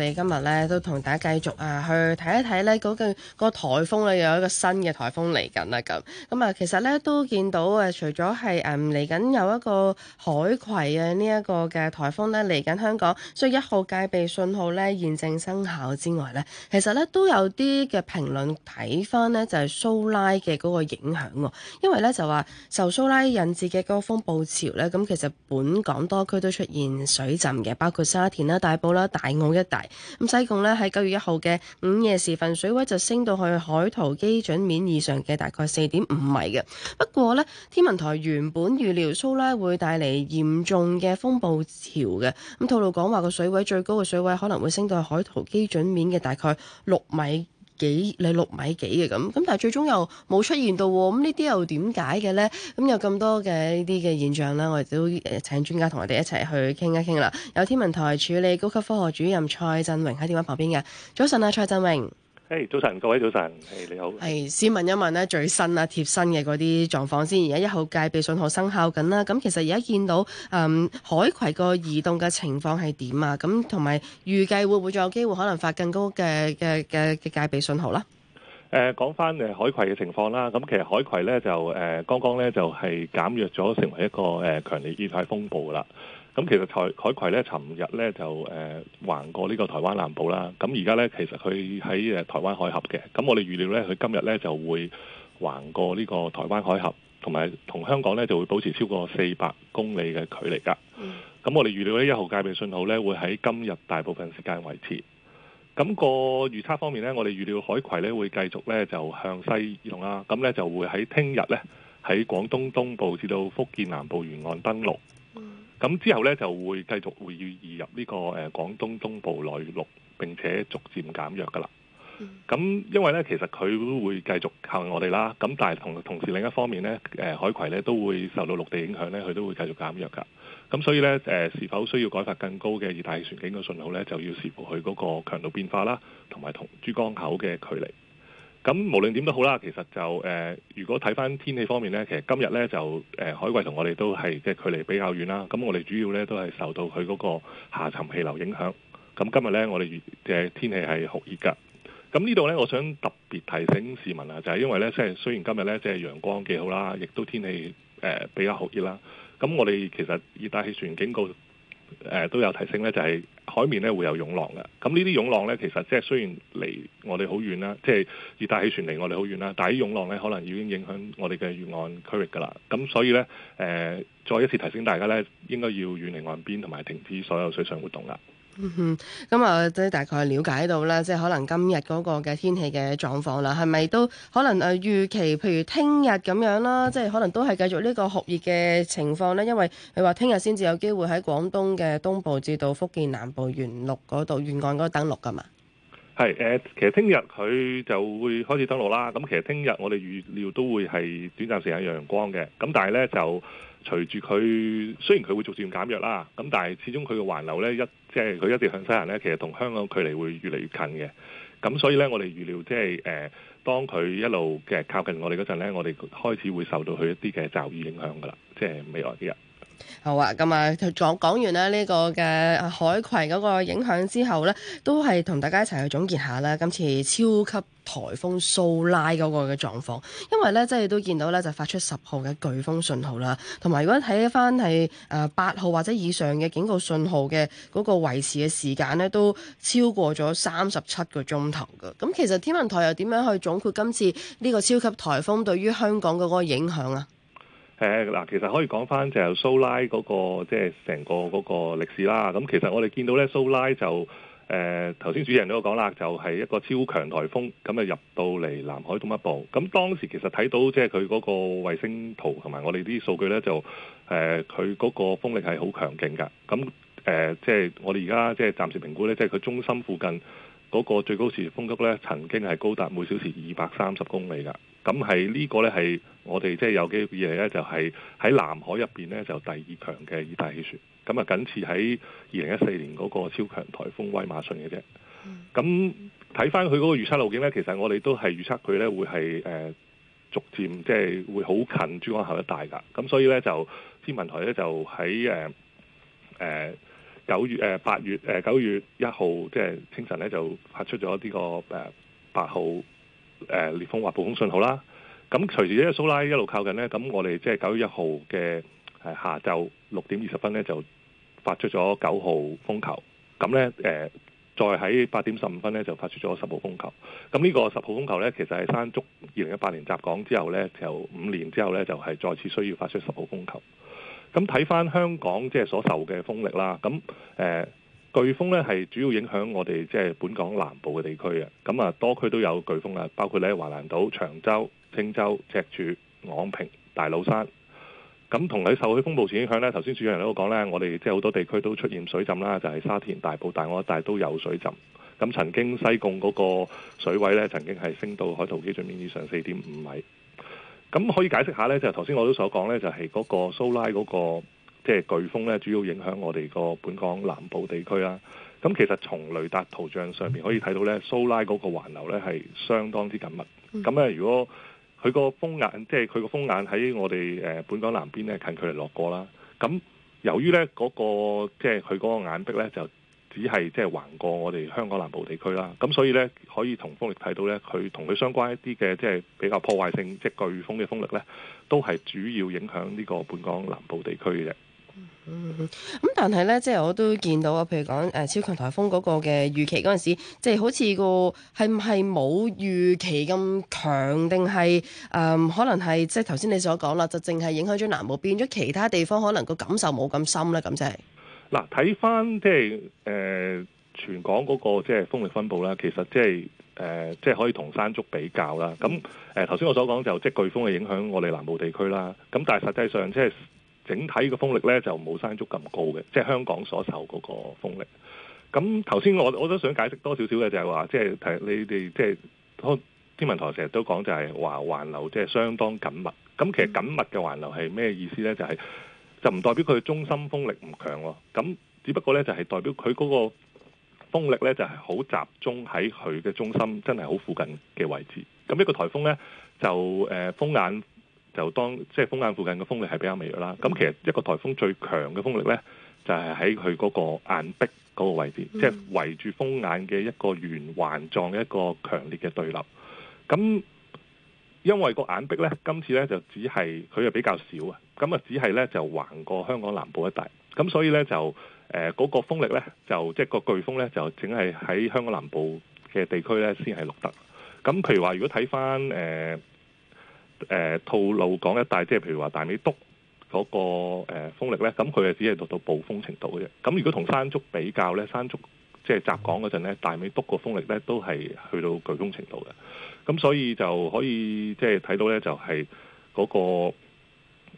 我哋今日咧都同大家繼續啊，去睇一睇咧嗰個、嗰個颱風咧有一個新嘅颱風嚟緊啦咁。咁、嗯、啊，其實咧都見到啊，除咗係嗯嚟緊有一個海葵啊、呢個、呢一個嘅颱風咧嚟緊香港，所以一號戒備信號咧現正生效之外咧，其實咧都有啲嘅評論睇翻咧就係、係、蘇拉嘅嗰個影響喎、哦，因為咧就話受蘇拉引致嘅嗰個風暴潮咧，咁、嗯、其實本港多區都出現水浸嘅，包括沙田啦、大埔啦、大澳一帶。咁西貢咧喺九月一號嘅午夜時分，水位就升到去海圖基準面以上嘅大概四點五米嘅。不過咧，天文台原本預料蘇拉會帶嚟嚴重嘅風暴潮嘅。咁吐露港就話個水位最高嘅水位可能會升到去海圖基準面嘅大概六米。幾你六米幾嘅咁咁，但係最終又冇出現到咁，呢啲又點解嘅咧？咁有咁多嘅呢啲嘅現象啦，我哋都請專家同我哋一齊去傾一傾啦。有天文台署理高級科學主任蔡振榮喺電話旁邊㗎。早晨啊，蔡振榮。誒，hey, 早晨，各位早晨，係、hey, 你好。係先、hey, 問一問咧，最新啊，貼身嘅嗰啲狀況先。而家一號戒備信號生效緊啦，咁其實而家見到誒、嗯、海葵個移動嘅情況係點啊？咁同埋預計會唔會再有機會可能發更高嘅嘅嘅嘅戒備信號啦？誒、呃、講翻誒海葵嘅情況啦，咁其實海葵咧就誒剛剛咧就係、是、減弱咗，成為一個誒強烈熱帶風暴啦。咁其實台海葵咧，尋日咧就誒、呃、橫過呢個台灣南部啦。咁而家咧，其實佢喺誒台灣海峽嘅。咁我哋預料咧，佢今日咧就會橫過呢個台灣海峽，同埋同香港咧就會保持超過四百公里嘅距離噶。咁我哋預料呢，一號戒備信號咧會喺今日大部分時間維持。咁、那個預測方面咧，我哋預料海葵咧會繼續咧就向西移動啦。咁咧就會喺聽日咧喺廣東東部至到福建南部沿岸登陸。咁之後咧就會繼續會要移入呢個誒廣東東部內陸，並且逐漸減弱噶啦。咁、嗯、因為咧其實佢都會繼續靠近我哋啦。咁但係同同時另一方面咧，誒海葵咧都會受到陸地影響咧，佢都會繼續減弱噶。咁所以咧誒、呃、是否需要改發更高嘅熱帶氣旋警告信號咧，就要視乎佢嗰個強度變化啦，同埋同珠江口嘅距離。咁無論點都好啦，其實就誒、呃，如果睇翻天氣方面呢，其實今日呢，就誒、呃，海葵同我哋都係即係距離比較遠啦。咁我哋主要呢，都係受到佢嗰個下沉氣流影響。咁今日呢，我哋嘅天氣係酷熱㗎。咁呢度呢，我想特別提醒市民啊，就係、是、因為呢，即係雖然今日呢，即係陽光幾好啦，亦都天氣誒、呃、比較酷熱啦。咁我哋其實熱帶氣旋警告、呃、都有提醒呢，就係、是。海面咧會有湧浪嘅，咁呢啲湧浪咧其實即係雖然離我哋好遠啦，即係熱帶氣旋離我哋好遠啦，但係啲湧浪咧可能已經影響我哋嘅沿岸區域噶啦，咁所以咧誒、呃、再一次提醒大家咧，應該要遠離岸邊同埋停止所有水上活動啦。咁啊，即係、嗯、大概了解到啦，即、就、係、是、可能今日嗰個嘅天氣嘅狀況啦，係咪都可能誒預期？譬如聽日咁樣啦，即係可能都係繼續呢個酷熱嘅情況咧，因為你話聽日先至有機會喺廣東嘅東部至到福建南部沿陸嗰度沿岸嗰度登陸噶嘛？係誒、呃，其實聽日佢就會開始登陸啦。咁其實聽日我哋預料都會係短暫時間陽光嘅。咁但係咧就。隨住佢雖然佢會逐漸減弱啦，咁但係始終佢嘅環流呢，一即係佢一直向西行呢，其實同香港距離會越嚟越近嘅。咁所以呢，我哋預料即係誒，當佢一路嘅靠近我哋嗰陣呢，我哋開始會受到佢一啲嘅驟雨影響㗎啦，即係未來幾日。好啊，咁啊，講講完咧，呢個嘅海葵嗰個影響之後咧，都係同大家一齊去總結下啦。今次超級台風蘇拉嗰個嘅狀況，因為咧，即係都見到咧，就發出十號嘅颶風信號啦，同埋如果睇翻係誒八號或者以上嘅警告信號嘅嗰個維持嘅時間咧，都超過咗三十七個鐘頭噶。咁其實天文台又點樣去總括今次呢個超級台風對於香港嗰個影響啊？誒嗱、呃，其實可以講翻就係蘇拉嗰個即係成個嗰個歷史啦。咁、嗯、其實我哋見到咧，蘇拉就誒頭先主人都有講啦，就係、是、一個超強颱風，咁啊入到嚟南海東北部。咁、嗯、當時其實睇到即係佢嗰個衛星圖同埋我哋啲數據咧，就誒佢嗰個風力係好強勁嘅。咁誒即係我哋而家即係暫時評估咧，即係佢中心附近，嗰個最高時速風速咧，曾經係高達每小時二百三十公里噶。咁係呢個呢，係我哋即係有紀錄以嚟咧，就係喺南海入邊呢，就係、第二強嘅熱帶氣旋。咁啊，僅次喺二零一四年嗰個超強颱風威馬遜嘅啫。咁睇翻佢嗰個預測路徑呢，其實我哋都係預測佢呢會係誒、呃、逐漸即係、就係、會好近珠江口一帶噶。咁所以呢，就天文台呢，就喺誒誒。呃九月誒、呃、八月誒、呃、九月一號即係、就是、清晨咧就發出咗呢、這個誒、呃、八號誒、呃、烈風或暴風信號啦。咁、嗯、隨住呢個蘇拉一路靠近呢，咁我哋即係九月一號嘅誒、呃、下晝六點二十分咧就發出咗九號風球。咁咧誒再喺八點十五分咧就發出咗十號風球。咁、嗯、呢、這個十號風球咧其實係山竹二零一八年襲港之後咧，就五年之後咧就係、是、再次需要發出十號風球。咁睇翻香港即係所受嘅風力啦，咁誒颶風呢係主要影響我哋即係本港南部嘅地區嘅，咁啊多區都有颶風啊，包括咧橫瀾島、長洲、青洲、赤柱、昂坪、大老山。咁同你受佢風暴時影響呢，頭先主持人都講呢，我哋即係好多地區都出現水浸啦，就係、是、沙田、大埔、大澳、大，大都有水浸。咁曾經西貢嗰個水位呢，曾經係升到海圖基準面以上四點五米。咁可以解釋下呢？就頭先我都所講呢，就係、是、嗰個蘇拉嗰個即係颶風呢，主要影響我哋個本港南部地區啦、啊。咁其實從雷達圖像上面可以睇到呢，mm hmm. 蘇拉嗰個環流呢係相當之緊密。咁呢、mm，hmm. 如果佢個風眼，即係佢個風眼喺我哋誒本港南邊呢，近距離落過啦。咁由於呢嗰、那個即係佢嗰個眼壁呢，就。只係即係橫過我哋香港南部地區啦，咁所以呢，可以同風力睇到呢，佢同佢相關一啲嘅即係比較破壞性即係颶風嘅風力呢，都係主要影響呢個本港南部地區嘅。嗯。嗯，咁但係呢，即係我都見到啊，譬如講誒超強颱風嗰個嘅預期嗰陣時，就是那個是是嗯，即係好似個係唔係冇預期咁強，定係誒可能係即係頭先你所講啦，就淨係影響咗南部，變咗其他地方可能個感受冇咁深呢。咁即係。嗱，睇翻即係誒全港嗰個即係風力分佈啦，其實即係誒即係可以同山竹比較啦。咁誒頭先我所講就即係颶風係影響我哋南部地區啦。咁但係實際上即係整體嘅風力咧就冇山竹咁高嘅，即係香港所受嗰個風力。咁頭先我我都想解釋多少少嘅就係話，即係睇你哋即係天文台成日都講就係話環流即係相當緊密。咁其實緊密嘅環流係咩意思咧？就係。就唔代表佢中心風力唔強咯，咁只不過咧就係、是、代表佢嗰個風力咧就係、是、好集中喺佢嘅中心，真係好附近嘅位置。咁一個颱風咧就誒、呃、風眼就當即係、就是、風眼附近嘅風力係比較微弱啦。咁其實一個颱風最強嘅風力咧就係喺佢嗰個眼壁嗰個位置，即係圍住風眼嘅一個圓環狀嘅一個強烈嘅對流，咁因為個眼壁咧，今次咧就只係佢又比較少啊。咁啊，就只係咧就橫過香港南部一帶，咁所以咧就誒嗰、呃嗰個風力咧，就即係個颶風咧，就淨係喺香港南部嘅地區咧先係錄得。咁譬如話，如果睇翻誒誒吐露港一帶，即係譬如話大尾篤嗰個誒風力咧，咁佢啊只係錄到暴風程度嘅啫。咁如果同山竹比較咧，山竹即係襲港嗰陣咧，大尾篤個風力咧都係去到颶風程度嘅。咁所以就可以即係睇到咧，就係、係、嗰、嗰個。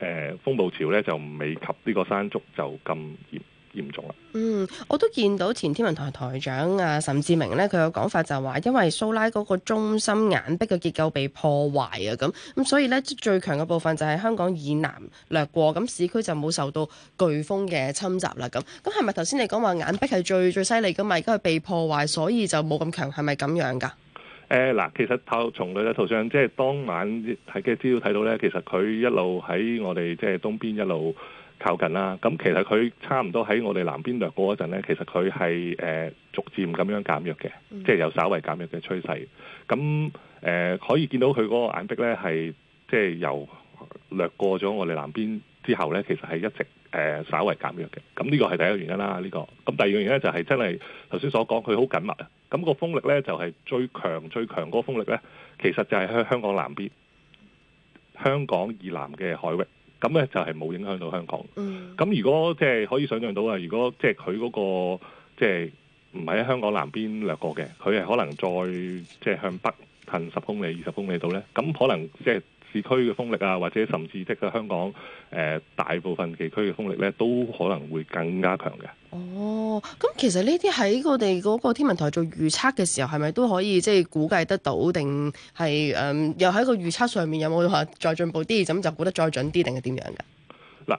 誒風暴潮咧就未及呢個山竹就咁嚴嚴重啦。嗯，我都見到前天文台台長啊，岑智明咧，佢嘅講法就話，因為蘇拉嗰個中心眼壁嘅結構被破壞啊，咁咁所以咧最強嘅部分就喺香港以南掠過，咁市區就冇受到颶風嘅侵襲啦。咁咁係咪頭先你講話眼壁係最最犀利㗎嘛？而家佢被破壞，所以就冇咁強，係咪咁樣㗎？誒嗱、呃，其實透從佢嘅圖像，即係當晚係嘅資料睇到咧，其實佢一路喺我哋即係東邊一路靠近啦。咁其實佢差唔多喺我哋南邊掠過嗰陣咧，其實佢係誒逐漸咁樣減弱嘅，即係有稍微減弱嘅趨勢。咁誒、呃、可以見到佢嗰個眼壁咧，係即係由掠過咗我哋南邊之後咧，其實係一直誒、呃、稍微減弱嘅。咁呢個係第一個原因啦，呢、呢個。咁第二個原因就係真係頭先所講，佢好緊密啊。咁個風力咧就係、是、最強最強嗰個風力咧，其實就係喺香港南邊、香港以南嘅海域。咁咧就係冇影響到香港。咁、嗯、如果即係、就是、可以想象到啊，如果即係佢嗰個即係唔係喺香港南邊掠過嘅，佢係可能再即係、就是、向北近十公里、二十公里度咧，咁可能即係、就是、市區嘅風力啊，或者甚至即係香港誒、呃、大部分地區嘅風力咧，都可能會更加強嘅。咁、哦、其實呢啲喺我哋嗰個天文台做預測嘅時候，係咪都可以即係估計得到？定係誒又喺個預測上面有冇話再進步啲？咁就估得再準啲，定係點樣㗎？嗱，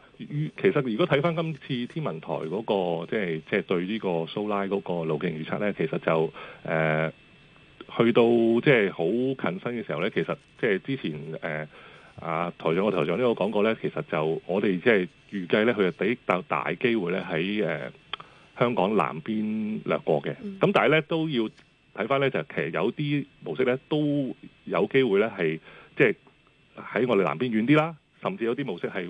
其實如果睇翻今次天文台嗰、那個即係即係對呢個蘇拉嗰個路徑預測咧，其實就誒、呃、去到即係好近身嘅時候咧，其實即係之前誒、呃、啊台長、我台長個講過呢個講過咧，其實就我哋即係預計咧，佢啊比較大機會咧喺誒。呃香港南邊掠過嘅，咁、嗯、但係咧都要睇翻咧，就其實有啲模式咧都有機會咧係即係喺我哋南邊遠啲啦，甚至有啲模式係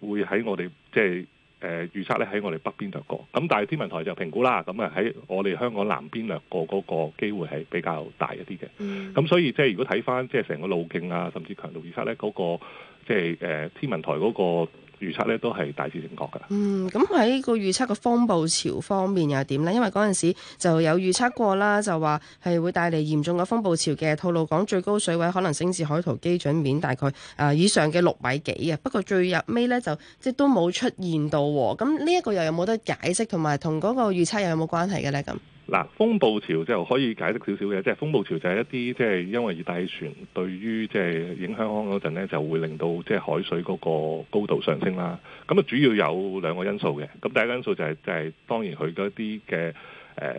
會喺我哋即係誒預測咧喺我哋北邊掠過。咁但係天文台就評估啦，咁啊喺我哋香港南邊掠過嗰個機會係比較大一啲嘅。咁、嗯、所以即係如果睇翻即係成個路徑啊，甚至強度預測咧嗰、嗰個即係誒天文台嗰、嗰個預測咧都係大致正確㗎。嗯，咁喺個預測嘅風暴潮方面又點咧？因為嗰陣時就有預測過啦，就話係會帶嚟嚴重嘅風暴潮嘅，吐露港最高水位可能升至海圖基準面大概啊、呃、以上嘅六米幾啊。不過最入尾咧就即係都冇出現到喎。咁呢一個又有冇得解釋，同埋同嗰個預測又有冇關係嘅咧？咁？嗱，風暴潮就可以解釋少少嘅，即係風暴潮就係一啲即係因為熱帶氣旋對於即係影響岸嗰陣咧，就會令到即係海水嗰個高度上升啦。咁啊，主要有兩個因素嘅。咁第一個因素就係就係當然佢嗰啲嘅誒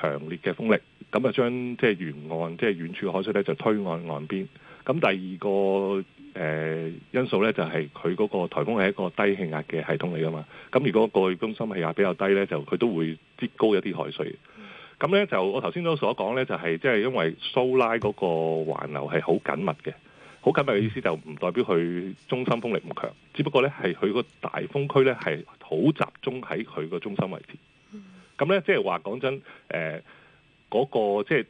強烈嘅風力，咁啊將即係沿岸即係遠處海水咧就推岸岸邊。咁第二個誒因素咧就係佢嗰個颱風係一個低氣壓嘅系統嚟㗎嘛。咁如果個中心氣壓比較低咧，就佢都會擠高一啲海水。咁咧就我頭先都所講咧，就係即係因為蘇拉嗰個環流係好緊密嘅。好緊密嘅意思就唔代表佢中心風力唔強，只不過咧係佢個大風區咧係好集中喺佢個中心位置。咁咧即係話講真誒，嗰個、呃，那個即係，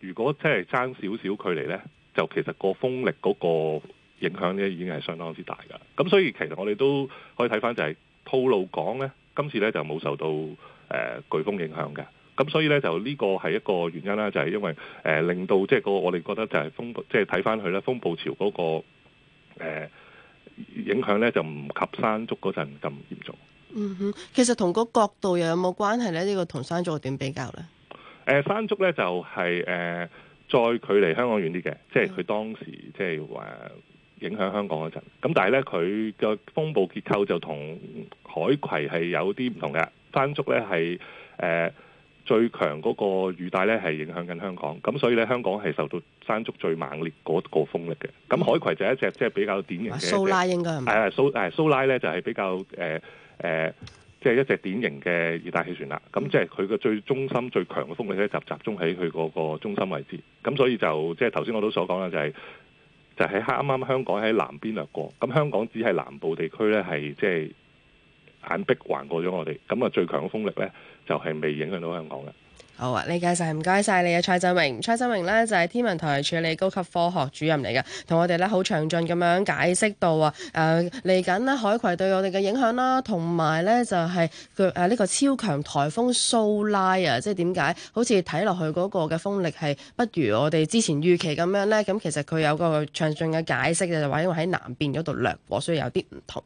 如果即係爭少少距離咧，就其實個風力嗰個影響咧已經係相當之大嘅。咁所以其實我哋都可以睇翻就係吐露港咧，今次咧就冇受到誒颶風影響嘅。咁所以咧，就呢個係一個原因啦，就係、是、因為誒、呃、令到即係、就是、個我哋覺得就係風暴，即係睇返佢咧，風暴潮嗰、那個、呃、影響咧，就唔及山竹嗰陣咁嚴重。嗯哼，其實同個角度又有冇關係咧？呢、這個同山竹點比較咧？誒、呃、山竹咧就係、是、誒、呃、再距離香港遠啲嘅，即係佢當時即係話影響香港嗰陣。咁但係咧，佢個風暴結構就同海葵係有啲唔同嘅。山竹咧係誒。最強嗰個雨帶咧，係影響緊香港，咁所以咧，香港係受到山竹最猛烈嗰個風力嘅。咁、嗯、海葵就係一隻即係比較典型嘅。蘇拉應該係。誒蘇誒蘇拉咧、呃呃，就係比較誒誒，即係一隻典型嘅熱帶氣旋啦。咁即係佢個最中心、嗯、最強嘅風力，都係集中喺佢嗰個中心位置。咁所以就即係頭先我都所講啦，就係、係、就喺啱啱香港喺南邊掠過。咁香港只係南部地區咧，係即係。眼壁環過咗我哋，咁啊最強風力咧就係未影響到香港嘅。好啊，理解晒，唔該晒你啊，蔡振榮。蔡振榮咧就係天文台署理高級科學主任嚟嘅，同我哋咧好詳盡咁樣解釋到啊，誒嚟緊咧海葵對我哋嘅影響啦，同埋咧就係佢誒呢個超強颱風蘇拉啊，即係點解好似睇落去嗰個嘅風力係不如我哋之前預期咁樣咧？咁其實佢有個詳盡嘅解釋就係話，因為喺南邊嗰度掠過，所以有啲唔同。